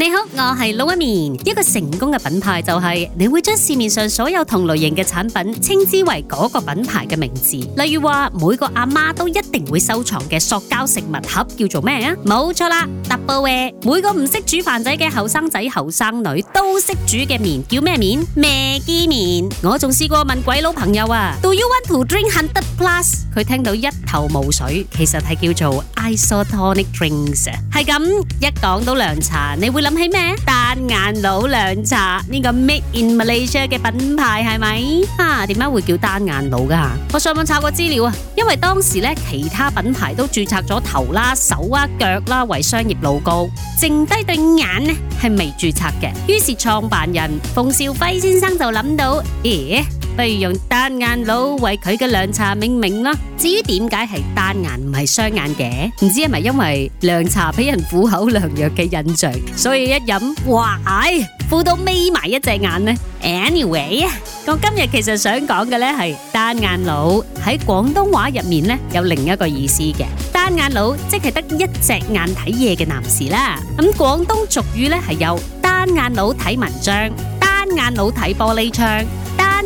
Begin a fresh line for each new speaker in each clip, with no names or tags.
你好，我係老阿敏。一個成功嘅品牌就係你會將市面上所有同類型嘅產品稱之為嗰個品牌嘅名字。例如話每個阿媽都一定會收藏嘅塑膠食物盒叫做咩啊？冇錯啦，Double 誒。每個唔識煮飯仔嘅後生仔後生女都識煮嘅麵叫咩麵？Maggie 麵？我仲試過問鬼佬朋友啊，Do you want to drink hundred plus？佢聽到一頭霧水，其實係叫做 isotonic drinks。係咁，一講到涼茶，你會諗。諗起咩？單眼佬涼茶呢個 Make in Malaysia 嘅品牌係咪？吓，點解、啊、會叫單眼佬噶？我上網查過資料啊，因為當時咧其他品牌都註冊咗頭啦、手啦、腳啦為商業 logo，剩低對眼咧係未註冊嘅。於是創辦人馮兆輝先生就諗到，咦、欸？不如用單眼佬為佢嘅涼茶命名啦。至於點解係單眼唔係雙眼嘅，唔知係咪因為涼茶俾人苦口良藥嘅印象，所以一飲哇，唉，苦到眯埋一隻眼咧。Anyway 啊，我今日其實想講嘅咧係單眼佬喺廣東話入面咧有另一個意思嘅。單眼佬，即係得一隻眼睇嘢嘅男士啦。咁廣東俗語咧係有單眼佬睇文章，單眼佬睇玻璃窗。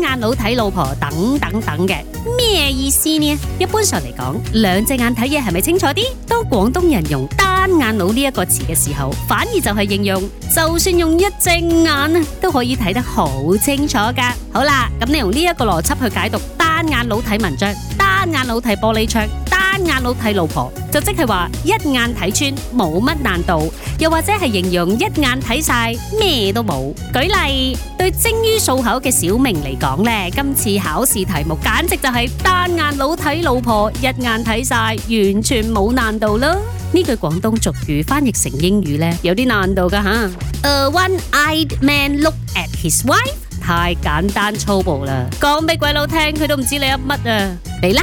眼佬睇老婆等等等嘅咩意思呢？一般上嚟講，兩隻眼睇嘢係咪清楚啲？當廣東人用「單眼佬」呢一個詞嘅時候，反而就係應用就算用一隻眼呢都可以睇得好清楚噶。好啦，咁你用呢一個邏輯去解讀單眼佬睇文章，單眼佬睇玻璃窗。單眼佬睇老婆，就即係話一眼睇穿，冇乜難度。又或者係形容一眼睇晒咩都冇。舉例，對精於數口嘅小明嚟講咧，今次考試題目簡直就係單眼佬睇老婆，一眼睇晒，完全冇難度咯。呢句廣東俗語翻譯成英語咧，有啲難度噶吓。A one-eyed man look at his wife，太簡單粗暴啦！講俾鬼佬聽，佢都唔知你噏乜啊！嚟啦！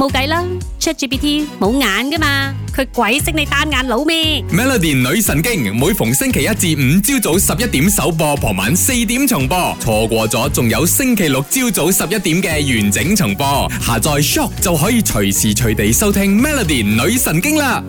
冇計啦，ChatGPT 冇眼噶嘛，佢鬼識你單眼佬咩？Melody 女神經每逢星期一至五朝早十一點首播，傍晚四點重播，錯過咗仲有星期六朝早十一點嘅完整重播。下載 shop 就可以隨時隨地收聽 Melody 女神經啦。